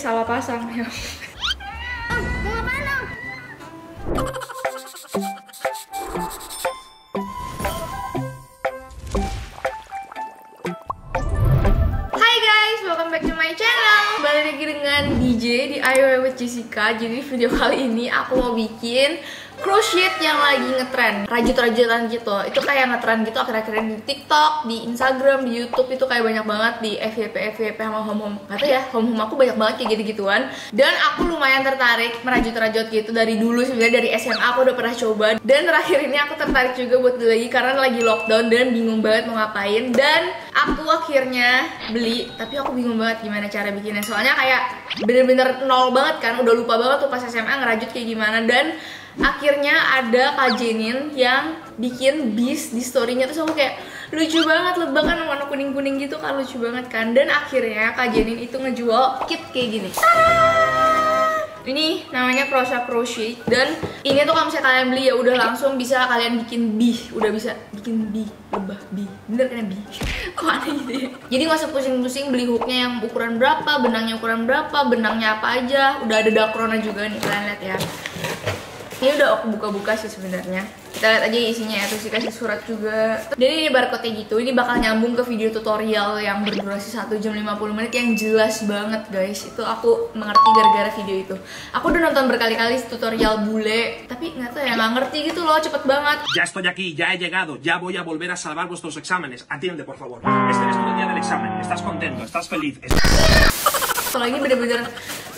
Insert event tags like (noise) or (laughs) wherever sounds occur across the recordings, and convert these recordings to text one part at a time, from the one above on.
salah pasang ya. Hai guys, welcome back to my channel. Balik lagi dengan DJ di Ayo with Jessica. Jadi video kali ini aku mau bikin crochet yang lagi ngetrend, rajut-rajutan gitu itu kayak ngetren gitu akhir-akhir di TikTok di Instagram di YouTube itu kayak banyak banget di FYP FYP sama home home kata ya home home aku banyak banget kayak gitu-gituan dan aku lumayan tertarik merajut-rajut gitu dari dulu sebenarnya dari SMA aku udah pernah coba dan terakhir ini aku tertarik juga buat lagi karena lagi lockdown dan bingung banget mau ngapain dan aku akhirnya beli tapi aku bingung banget gimana cara bikinnya soalnya kayak bener-bener nol banget kan udah lupa banget tuh pas SMA ngerajut kayak gimana dan akhirnya ada Kak Jenin yang bikin bis di storynya terus aku kayak lucu banget lebah kan warna kuning kuning gitu kan lucu banget kan dan akhirnya Kak Jenin itu ngejual kit kayak gini. ini namanya crochet Crochet dan ini tuh kalau misalnya kalian beli ya udah langsung bisa kalian bikin bi udah bisa bikin bi lebah bi bener kan ya bi (laughs) kok aneh gitu ya jadi nggak usah pusing-pusing beli hooknya yang ukuran berapa benangnya ukuran berapa benangnya apa aja udah ada dakrona juga nih kalian lihat ya ini udah aku buka-buka sih sebenarnya kita lihat aja isinya ya terus dikasih surat juga jadi ini barcode gitu ini bakal nyambung ke video tutorial yang berdurasi 1 jam 50 menit yang jelas banget guys itu aku mengerti gara-gara video itu aku udah nonton berkali-kali tutorial bule tapi nggak tahu ya nggak ngerti gitu loh cepet banget ya estoy aquí ya he llegado ya voy a volver a salvar vuestros exámenes atiende por favor este es tu día del examen estás contento estás feliz estás... kalau ini bener-bener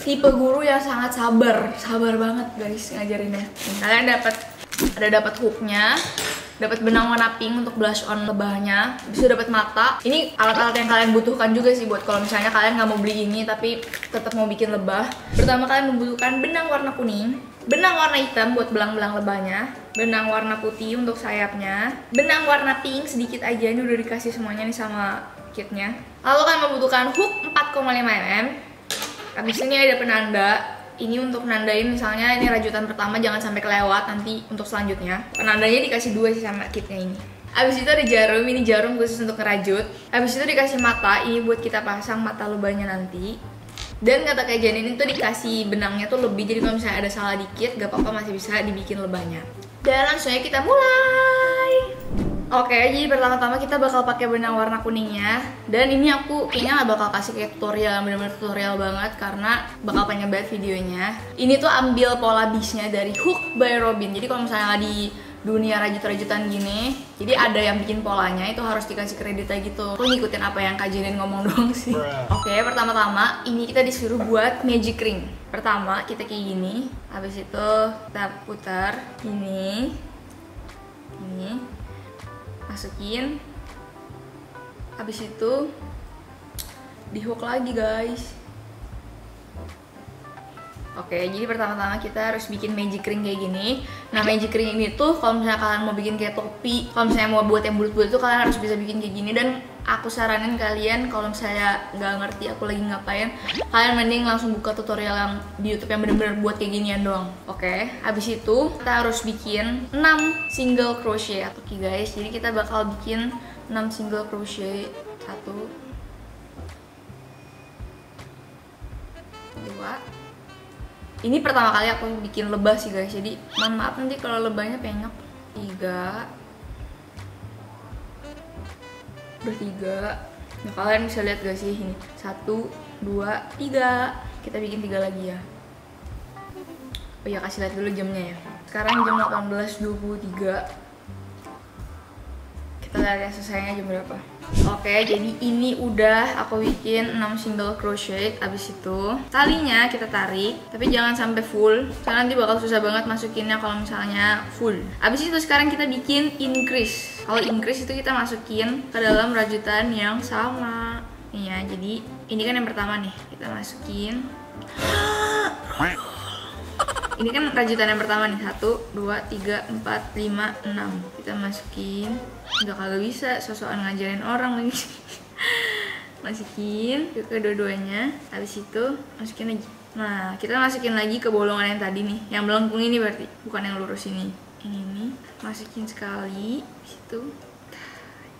tipe guru yang sangat sabar sabar banget guys ngajarinnya kalian dapat ada dapat hooknya dapat benang warna pink untuk blush on lebahnya bisa dapat mata ini alat-alat yang kalian butuhkan juga sih buat kalau misalnya kalian nggak mau beli ini tapi tetap mau bikin lebah pertama kalian membutuhkan benang warna kuning benang warna hitam buat belang-belang lebahnya benang warna putih untuk sayapnya benang warna pink sedikit aja ini udah dikasih semuanya nih sama kitnya lalu kalian membutuhkan hook 4,5 mm Habis ini ada penanda. Ini untuk nandain misalnya ini rajutan pertama jangan sampai kelewat nanti untuk selanjutnya. Penandanya dikasih dua sih sama kitnya ini. Abis itu ada jarum, ini jarum khusus untuk ngerajut. Abis itu dikasih mata, ini buat kita pasang mata lubangnya nanti. Dan kata kayak Janin itu dikasih benangnya tuh lebih, jadi kalau misalnya ada salah dikit, gak apa-apa masih bisa dibikin lebahnya. Dan langsungnya kita mulai! Oke, okay, jadi pertama-tama kita bakal pakai benang warna kuningnya dan ini aku kayaknya nggak bakal kasih kayak tutorial, bener-bener tutorial banget karena bakal panjang banget videonya. Ini tuh ambil pola bisnya dari Hook by Robin. Jadi kalau misalnya di dunia rajut-rajutan gini, jadi ada yang bikin polanya itu harus dikasih kreditnya gitu. Aku ngikutin apa yang Kak ngomong dong sih. Oke, okay, pertama-tama ini kita disuruh buat magic ring. Pertama kita kayak gini, habis itu kita putar ini, ini masukin habis itu dihook lagi guys Oke, jadi pertama-tama kita harus bikin magic ring kayak gini. Nah, magic ring ini tuh kalau misalnya kalian mau bikin kayak topi, kalau misalnya mau buat yang bulat-bulat tuh kalian harus bisa bikin kayak gini dan aku saranin kalian kalau misalnya nggak ngerti aku lagi ngapain kalian mending langsung buka tutorial yang di YouTube yang bener-bener buat kayak ginian doang oke okay? habis itu kita harus bikin 6 single crochet atau okay, guys jadi kita bakal bikin 6 single crochet satu dua ini pertama kali aku bikin lebah sih guys jadi mohon maaf nanti kalau lebahnya penyok tiga bertiga. tiga nah kalian bisa lihat gak sih ini satu dua tiga kita bikin tiga lagi ya oh ya kasih lihat dulu jamnya ya sekarang jam 18.23 lihat lihat selesainya jam berapa Oke, jadi ini udah aku bikin 6 single crochet Abis itu talinya kita tarik Tapi jangan sampai full Karena nanti bakal susah banget masukinnya kalau misalnya full Abis itu sekarang kita bikin increase Kalau increase itu kita masukin ke dalam rajutan yang sama Iya, jadi ini kan yang pertama nih Kita masukin (gasps) ini kan rajutan yang pertama nih satu dua tiga empat lima enam kita masukin nggak kalau bisa sosokan ngajarin orang lagi (laughs) masukin ke kedua-duanya habis itu masukin lagi nah kita masukin lagi ke bolongan yang tadi nih yang melengkung ini berarti bukan yang lurus ini ini nih masukin sekali itu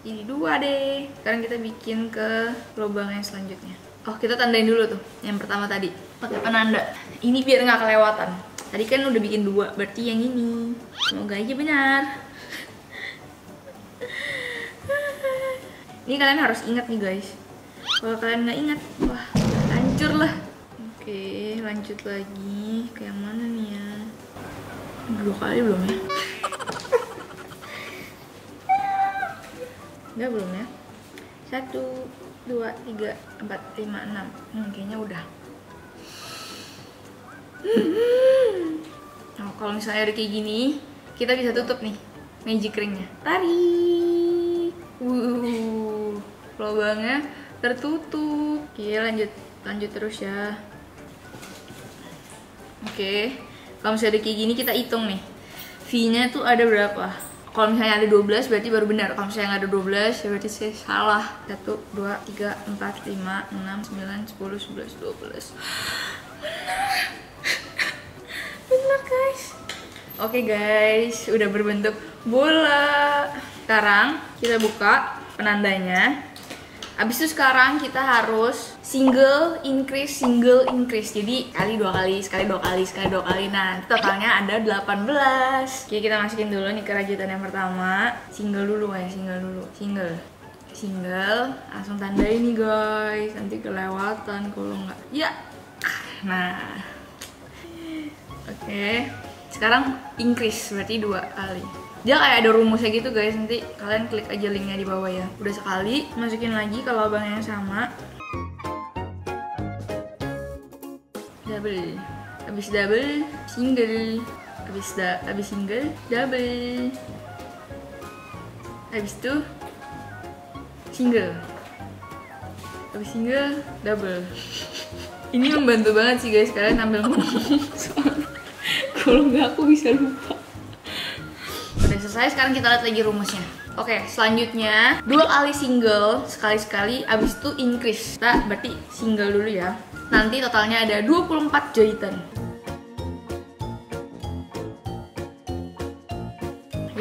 jadi dua deh sekarang kita bikin ke lubang yang selanjutnya oh kita tandain dulu tuh yang pertama tadi pakai penanda ini biar nggak kelewatan tadi kan udah bikin dua berarti yang ini semoga aja benar ini kalian harus ingat nih guys kalau kalian nggak ingat wah hancur lah oke lanjut lagi ke yang mana nih ya dua kali belum ya Enggak belum ya satu dua tiga empat lima enam hmm, kayaknya udah nah kalau misalnya udah kayak gini kita bisa tutup nih magic ringnya tarik wuh lubangnya tertutup oke lanjut lanjut terus ya oke kalau misalnya udah kayak gini kita hitung nih V nya tuh ada berapa kalau misalnya ada 12 berarti baru benar kalau misalnya nggak ada 12 ya berarti saya salah 1, 2, 3, 4, 5, 6, 9, 10, 11, 12 benar benar guys oke guys udah berbentuk bola sekarang kita buka penandanya Abis itu sekarang kita harus single increase, single increase. Jadi kali dua kali, sekali dua kali, sekali dua kali. Nah, totalnya ada 18. Oke, kita masukin dulu nih kerajutan yang pertama. Single dulu ya, single dulu. Single. Single, langsung tanda ini guys. Nanti kelewatan kalau nggak. Ya. Nah, Oke. Okay. Sekarang increase berarti dua kali. Dia kayak ada rumusnya gitu guys, nanti kalian klik aja linknya di bawah ya. Udah sekali, masukin lagi kalau lubang yang sama. Double. abis double, single. abis da habis single, double. abis itu single. abis single, double. (laughs) Ini membantu banget sih guys, kalian ambil ngomong. (laughs) kalau nggak aku bisa lupa udah selesai sekarang kita lihat lagi rumusnya Oke, okay, selanjutnya dua kali single, sekali-sekali, abis itu increase. Nah, berarti single dulu ya. Nanti totalnya ada 24 jahitan.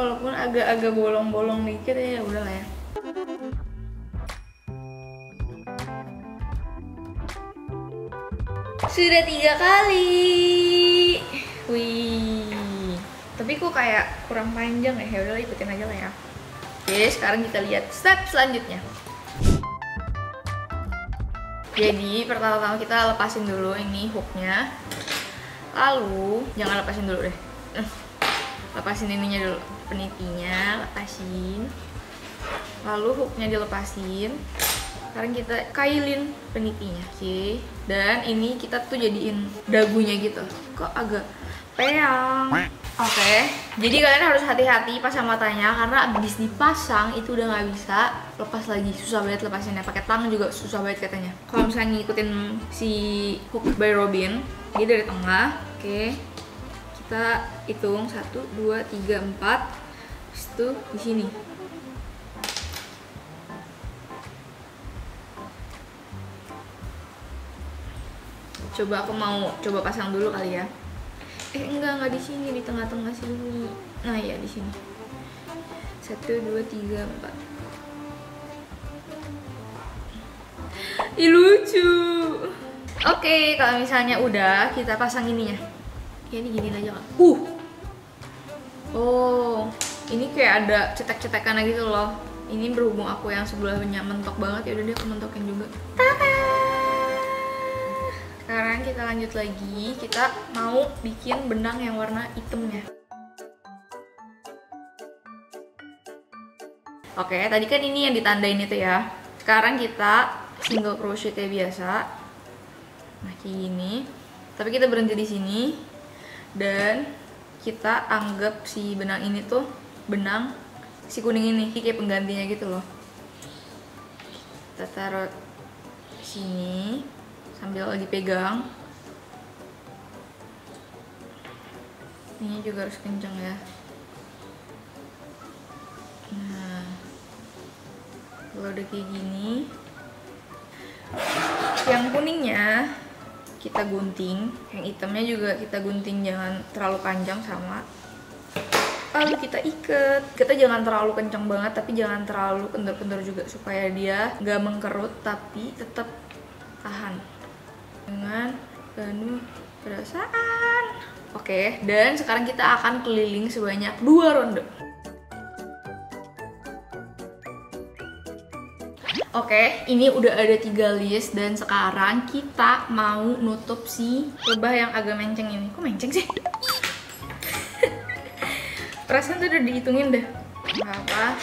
walaupun agak-agak bolong-bolong dikit ya udah lah ya sudah tiga kali wih tapi kok kayak kurang panjang ya ya udah ikutin aja lah ya oke sekarang kita lihat step selanjutnya jadi pertama-tama kita lepasin dulu ini hooknya lalu jangan lepasin dulu deh (laughs) lepasin ininya dulu penitinya lepasin lalu hooknya dilepasin sekarang kita kailin penitinya oke okay. dan ini kita tuh jadiin dagunya gitu kok agak peang oke okay. jadi kalian harus hati-hati pasang matanya karena abis dipasang itu udah nggak bisa lepas lagi susah banget lepasinnya pakai tang juga susah banget katanya kalau misalnya ngikutin si hook by Robin dia dari tengah oke okay. kita hitung satu dua tiga empat itu di sini coba aku mau coba pasang dulu kali ya eh enggak enggak di sini di tengah-tengah sini nah ya di sini satu dua tiga empat Ih, lucu oke okay, kalau misalnya udah kita pasang ininya ya ini gini aja uh oh ini kayak ada cetek-cetekan gitu loh ini berhubung aku yang sebelahnya mentok banget ya udah dia aku mentokin juga sekarang kita lanjut lagi kita mau bikin benang yang warna hitamnya oke tadi kan ini yang ditandain itu ya sekarang kita single crochet kayak biasa nah kayak gini tapi kita berhenti di sini dan kita anggap si benang ini tuh benang si kuning ini kayak penggantinya gitu loh kita taruh sini sambil dipegang ini juga harus kenceng ya nah kalau udah kayak gini yang kuningnya kita gunting yang hitamnya juga kita gunting jangan terlalu panjang sama lalu kita ikat kita jangan terlalu kencang banget tapi jangan terlalu kendor-kendor juga supaya dia nggak mengkerut tapi tetap tahan dengan penuh perasaan oke dan sekarang kita akan keliling sebanyak dua ronde Oke, ini udah ada tiga list dan sekarang kita mau nutup si lebah yang agak menceng ini. Kok menceng sih? perasaan tuh udah dihitungin deh nggak apa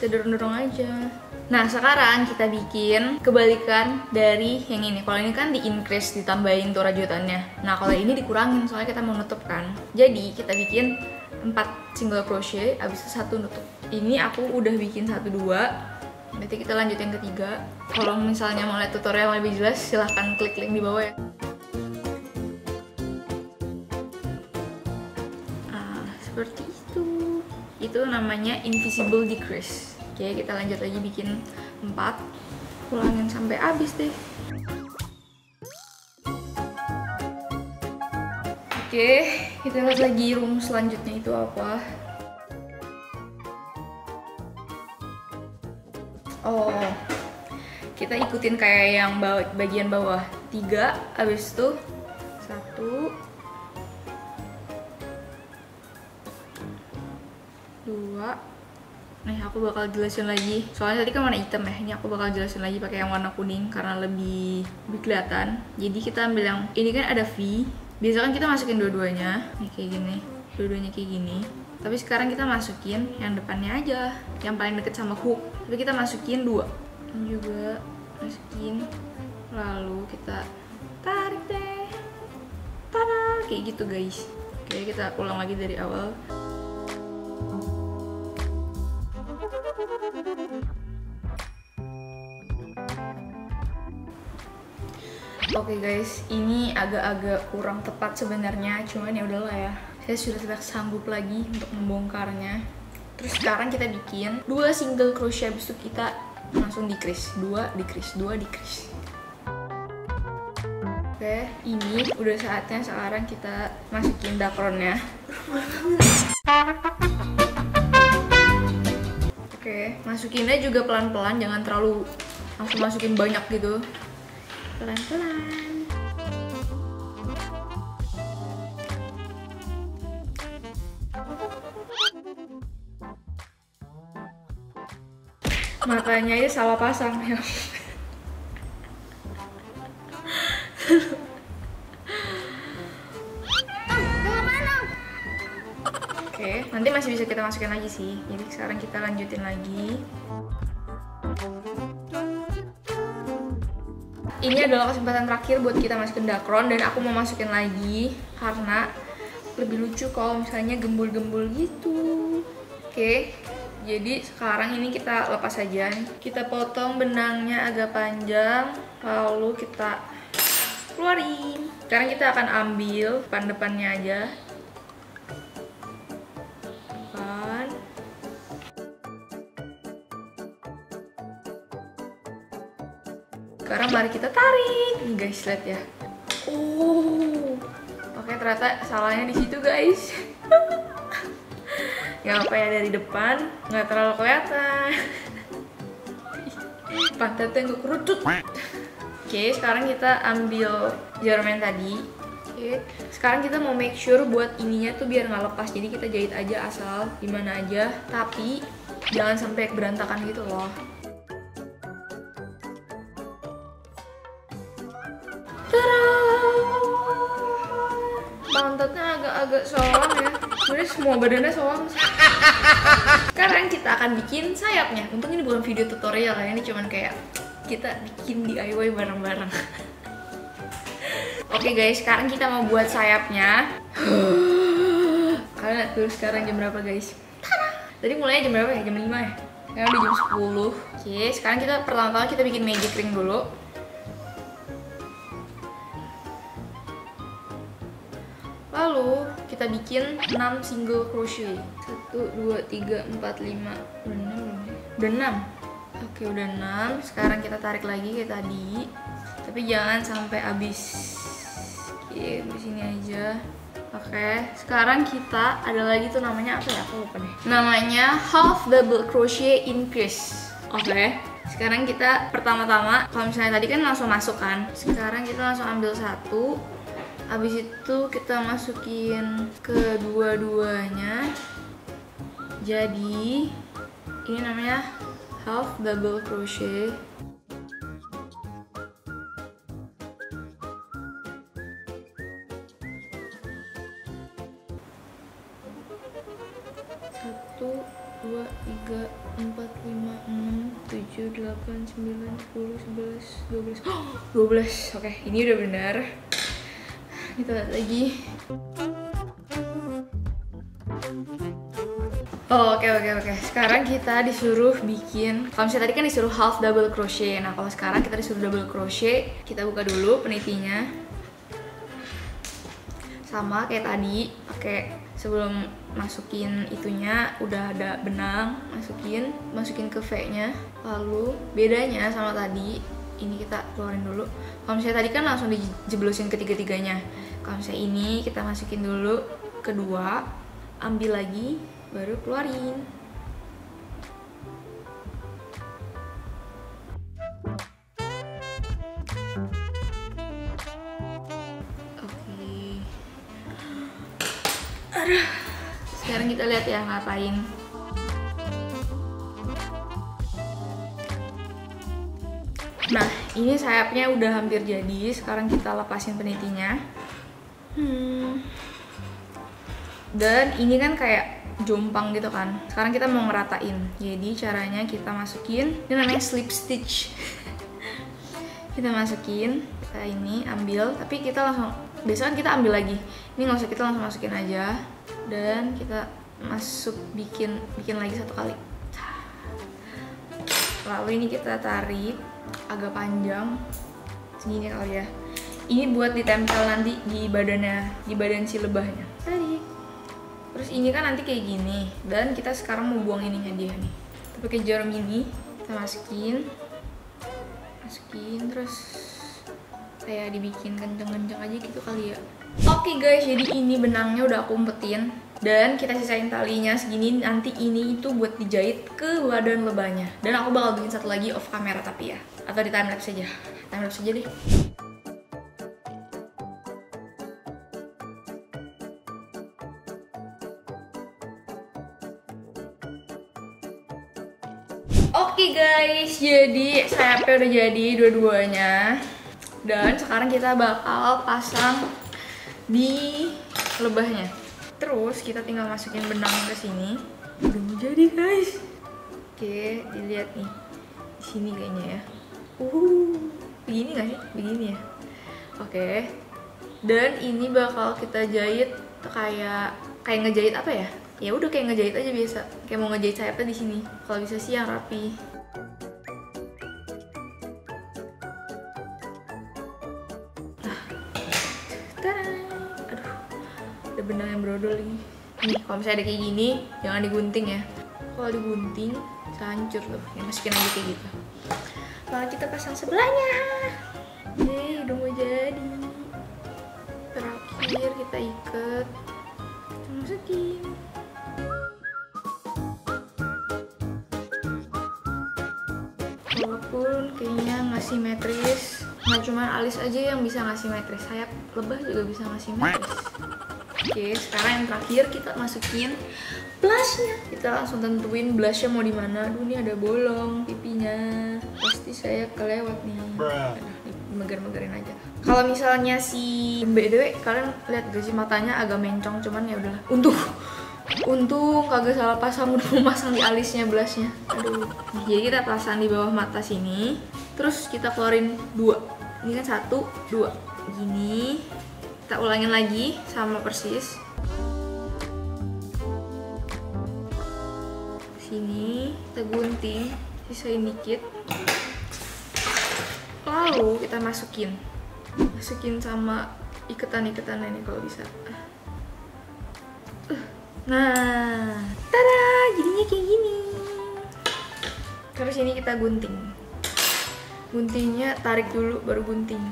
kita dorong-dorong aja Nah sekarang kita bikin kebalikan dari yang ini Kalau ini kan di increase ditambahin tuh rajutannya Nah kalau ini dikurangin soalnya kita mau nutup kan Jadi kita bikin 4 single crochet abis itu satu nutup Ini aku udah bikin satu dua Berarti kita lanjut yang ketiga Kalau misalnya mau lihat tutorial yang lebih jelas silahkan klik link di bawah ya seperti itu itu namanya invisible decrease oke kita lanjut lagi bikin empat pulangin sampai habis deh oke kita lihat lagi room selanjutnya itu apa oh kita ikutin kayak yang bagian bawah tiga abis itu Nih aku bakal jelasin lagi. Soalnya tadi kan warna hitam ya. Ini aku bakal jelasin lagi pakai yang warna kuning karena lebih lebih kelihatan. Jadi kita ambil yang ini kan ada V. Biasanya kan kita masukin dua-duanya. Nih kayak gini. Dua-duanya kayak gini. Tapi sekarang kita masukin yang depannya aja, yang paling deket sama hook. Tapi kita masukin dua. Dan juga masukin lalu kita tarik deh. Tada, kayak gitu guys. Oke, kita ulang lagi dari awal. Oke okay guys, ini agak-agak kurang tepat sebenarnya, cuman ya udahlah ya. Saya sudah tidak sanggup lagi untuk membongkarnya. Terus sekarang kita bikin dua single crochet besok kita langsung dikris, dua dikris, dua dikris. Oke, ini udah saatnya sekarang kita masukin dakronnya. Oke, masukinnya juga pelan-pelan, jangan terlalu langsung masukin banyak gitu pelan-pelan makanya ini salah pasang ya Oke, okay, nanti masih bisa kita masukin lagi sih. Jadi sekarang kita lanjutin lagi. Ini adalah kesempatan terakhir buat kita masukin dakron dan aku mau masukin lagi karena lebih lucu kalau misalnya gembul-gembul gitu. Oke. Jadi sekarang ini kita lepas aja. Kita potong benangnya agak panjang lalu kita keluarin. Sekarang kita akan ambil depan-depannya aja mari kita tarik nih guys lihat ya oh oke ternyata salahnya di situ guys nggak (laughs) apa ya dari depan nggak terlalu kelihatan (laughs) pantatnya nggak kerucut oke sekarang kita ambil jerman tadi oke sekarang kita mau make sure buat ininya tuh biar nggak lepas jadi kita jahit aja asal dimana aja tapi jangan sampai berantakan gitu loh pantatnya agak-agak soang ya sebenarnya semua badannya soang sekarang kita akan bikin sayapnya untung ini bukan video tutorial ya ini cuman kayak kita bikin DIY bareng-bareng Oke okay guys, sekarang kita mau buat sayapnya Kalian lihat dulu sekarang jam berapa guys Tadi mulainya jam berapa ya? Jam 5 ya? Sekarang udah jam 10 Oke, okay, sekarang kita pertama-tama kita bikin magic ring dulu lalu kita bikin 6 single crochet. 1 2 3 4 5 6 Udah 6. Oke, udah 6. Sekarang kita tarik lagi kayak tadi. Tapi jangan sampai habis. Oke, di sini aja. Oke, sekarang kita ada lagi tuh namanya apa ya? Aku lupa deh. Namanya half double crochet increase. Oke. Sekarang kita pertama-tama kalau misalnya tadi kan langsung masuk kan. Sekarang kita langsung ambil satu, Habis itu kita masukin kedua-duanya. Jadi ini namanya half double crochet. Satu, dua, tiga, empat, lima, enam, tujuh, delapan, sembilan, sepuluh, sebelas, dua belas, (gasps) dua belas. Oke, ini udah benar kita lihat lagi Oh, oke okay, oke okay, oke. Okay. Sekarang kita disuruh bikin kalau misalnya tadi kan disuruh half double crochet. Nah, kalau sekarang kita disuruh double crochet, kita buka dulu penitinya. Sama kayak tadi, pakai sebelum masukin itunya udah ada benang, masukin, masukin ke V-nya. Lalu bedanya sama tadi, ini kita keluarin dulu. Kalau misalnya tadi kan langsung dijeblosin ketiga-tiganya kalau misalnya ini kita masukin dulu kedua ambil lagi baru keluarin oke sekarang kita lihat ya ngapain Nah, ini sayapnya udah hampir jadi. Sekarang kita lepasin penitinya hmm. dan ini kan kayak jompang gitu kan sekarang kita mau ngeratain jadi caranya kita masukin ini namanya slip stitch (laughs) kita masukin kita ini ambil tapi kita langsung besok kan kita ambil lagi ini nggak usah kita langsung masukin aja dan kita masuk bikin bikin lagi satu kali lalu ini kita tarik agak panjang segini kali ya ini buat ditempel nanti di badannya di badan si lebahnya tadi terus ini kan nanti kayak gini dan kita sekarang mau buang ininya dia nih kita pakai jarum ini kita masukin masukin terus saya dibikin kenceng-kenceng aja gitu kali ya oke okay guys jadi ini benangnya udah aku umpetin dan kita sisain talinya segini nanti ini itu buat dijahit ke badan lebahnya dan aku bakal bikin satu lagi off kamera tapi ya atau di timelapse aja timelapse aja deh guys, jadi sayapnya udah jadi dua-duanya Dan sekarang kita bakal pasang di lebahnya Terus kita tinggal masukin benang ke sini Udah jadi guys Oke, dilihat nih di sini kayaknya ya Uh, begini gak sih? Begini ya Oke Dan ini bakal kita jahit kayak kayak ngejahit apa ya ya udah kayak ngejahit aja biasa kayak mau ngejahit sayapnya di sini kalau bisa sih yang rapi dodol ini nih kalau misalnya ada kayak gini jangan digunting ya kalau digunting hancur tuh ya masukin aja kayak gitu Kalau kita pasang sebelahnya Yeay, udah mau jadi terakhir kita ikat masukin walaupun kayaknya nggak simetris nggak cuma alis aja yang bisa ngasih simetris sayap lebah juga bisa ngasih simetris Oke, sekarang yang terakhir kita masukin blushnya. Kita langsung tentuin blushnya mau di mana. Aduh, ini ada bolong pipinya. Pasti saya kelewat nih. Megar-megarin aja. Kalau misalnya si Mbak Dewi, kalian lihat gak sih matanya agak mencong, cuman ya udahlah. Untuk Untung kagak salah pasang udah mau pasang di alisnya blushnya. Aduh. Jadi kita pasang di bawah mata sini. Terus kita keluarin dua. Ini kan satu, dua. Gini, kita ulangin lagi sama persis sini kita gunting sisain dikit lalu kita masukin masukin sama iketan-iketan ini kalau bisa ah. uh. nah tada jadinya kayak gini terus ini kita gunting guntingnya tarik dulu baru gunting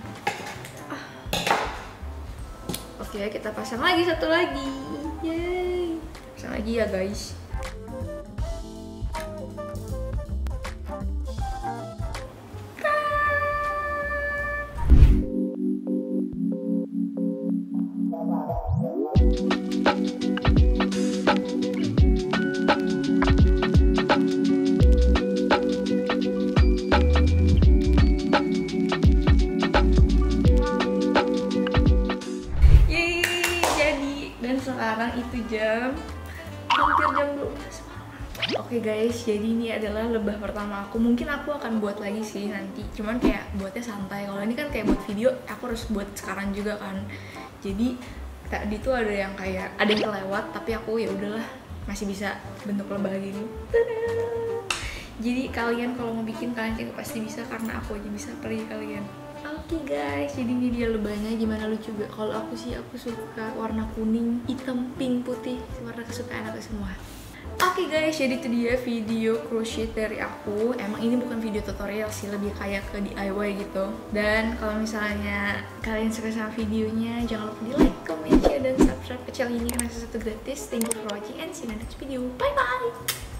ya kita pasang lagi satu lagi yay pasang lagi ya guys aku mungkin aku akan buat lagi sih nanti cuman kayak buatnya santai kalau ini kan kayak buat video aku harus buat sekarang juga kan jadi tadi tuh ada yang kayak ada yang kelewat tapi aku ya udahlah masih bisa bentuk lebah gini jadi kalian kalau mau bikin kalian juga pasti bisa karena aku aja bisa pergi kalian Oke okay guys, jadi ini dia lebahnya gimana lu juga Kalau aku sih aku suka warna kuning, hitam, pink, putih, warna kesukaan aku semua. Oke okay guys, jadi itu dia video crochet dari aku. Emang ini bukan video tutorial sih, lebih kayak ke DIY gitu. Dan kalau misalnya kalian suka sama videonya, jangan lupa di like, comment, share, dan subscribe ke channel ini karena sesuatu gratis. Thank you for watching and see you next video. Bye bye.